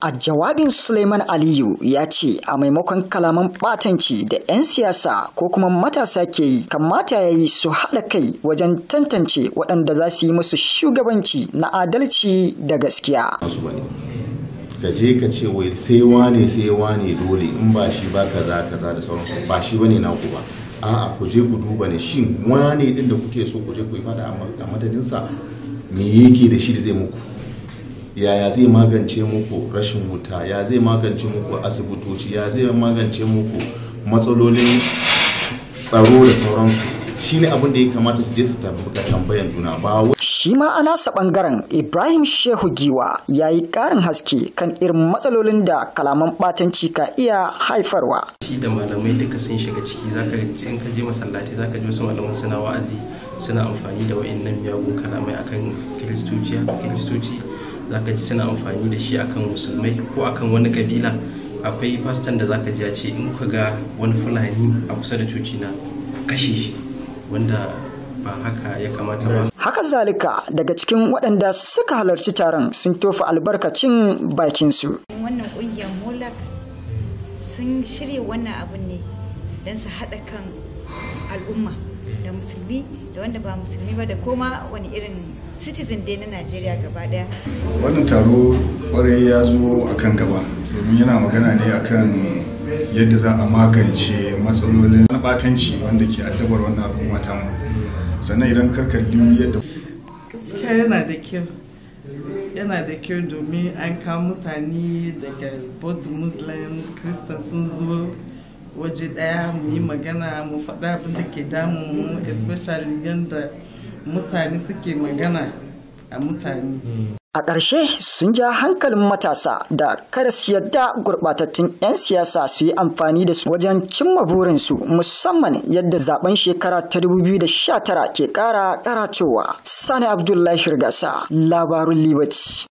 A jawabin Suleiman Aliyu ya ce a maimakon kalaman batanci da 'yan siyasa ko kuma matasa ke yi kamata ya yi su haɗa kai wajen tantance waɗanda za su yi musu shugabanci na adalci da gaskiya. ka je ka ce wai sai wane sai wane dole in ba shi ba kaza kaza da sauransu ba shi bane ku ba a'a ku je ku duba ne shin wane din da kuke so ku je ku yi fada a madadinsa me yake da shi da zai muku yaya zai magance muku rashin wuta ya zai magance muku asibitoci ya zai magance muku matsalolin tsaro da sauransu shi ne abin da ya kamata su je su tambayan juna ba shi ma a nasa bangaren ibrahim shehu giwa ya yi karin haske kan irin matsalolin da kalaman batanci ka iya haifarwa shi da malamai duka sun shiga ciki zaka in ka je masallaci zaka ji wasu malaman suna wa'azi suna amfani da wa'annan miyagun kalamai akan kiristoci zaka ji suna amfani da shi akan musulmai ko akan wani kabila akwai fastan da zaka ji a ce in ku ga wani fulani a kusa da coci na kashe shi wanda ba haka ya kamata ba haka zalika daga cikin waɗanda suka halarci taron sun tofa albarkacin bakin su wannan ƙungiyar molak sun shirya wannan abun ne don su haɗa kan al'umma da musulmi da wanda ba musulmi ba da koma wani irin citizen dai na najeriya gaba daya wannan taro kwarai ya zo a kan gaba domin yana magana ne akan yadda za a magance matsalolin batanci wanda ke addabar wannan al'umma ta mu sannan idan karkalli yadda gaskiya yana da kyau yana da kyau domin an kawo mutane daga both muslims christians sun zo waje daya mu yi magana mu faɗa abin da ke damu mu especially yadda mutane suke magana a mutane a ƙarshe sun ja hankalin matasa da kada su yadda gurɓatattun 'yan siyasa su yi amfani da su wajen cimma burinsu musamman yadda zaben shekara ta 2019 ke ƙara ƙaratowa sani abdullahi shirgasa labarun liberty